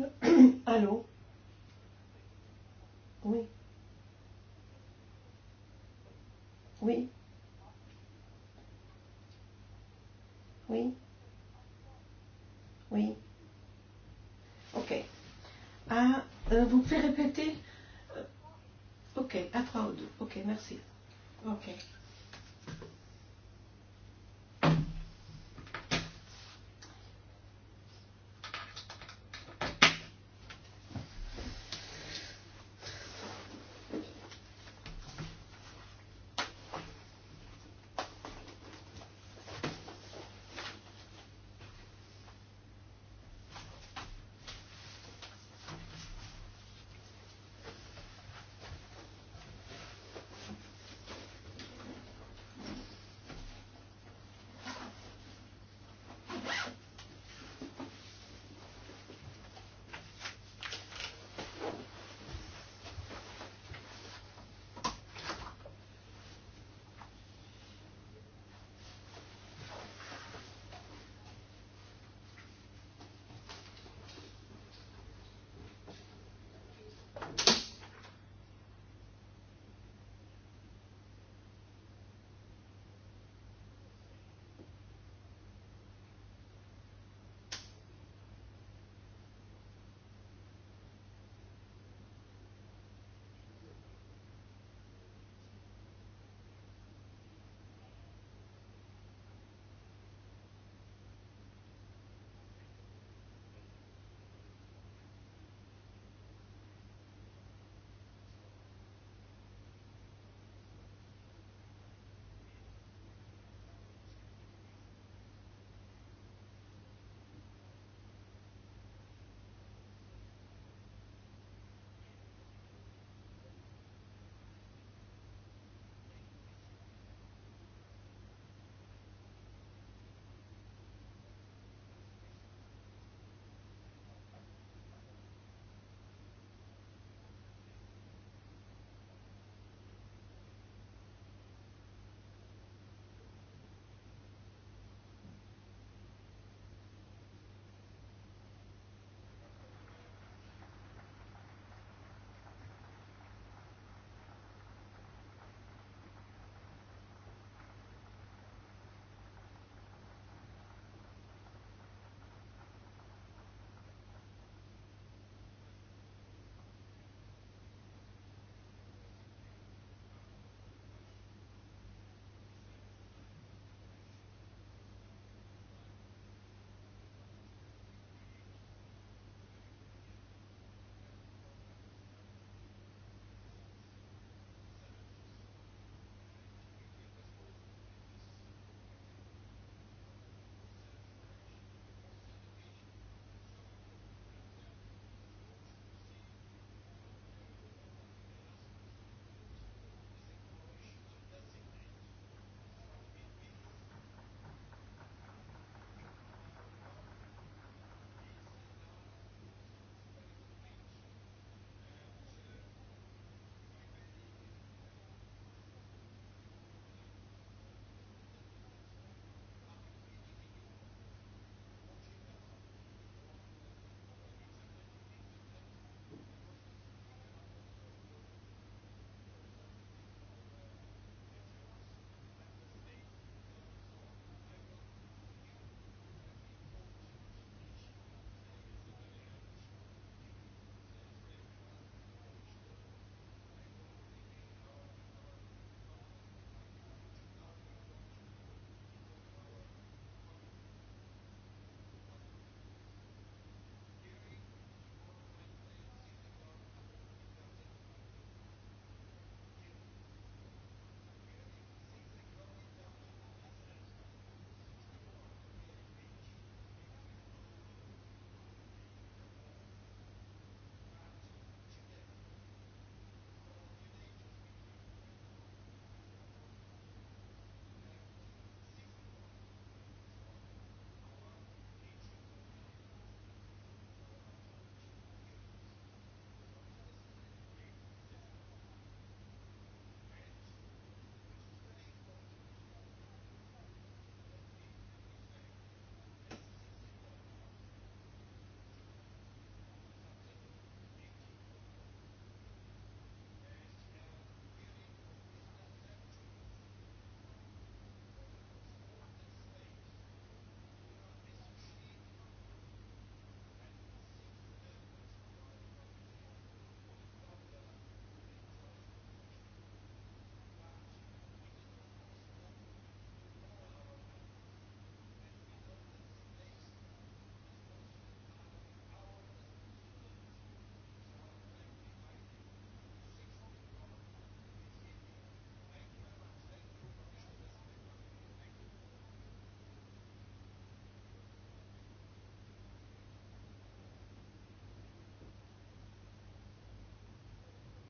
Allô Oui. Oui. Oui. Oui. Ok. Ah, euh, vous pouvez répéter euh, Ok, à ou Ok, merci. Ok.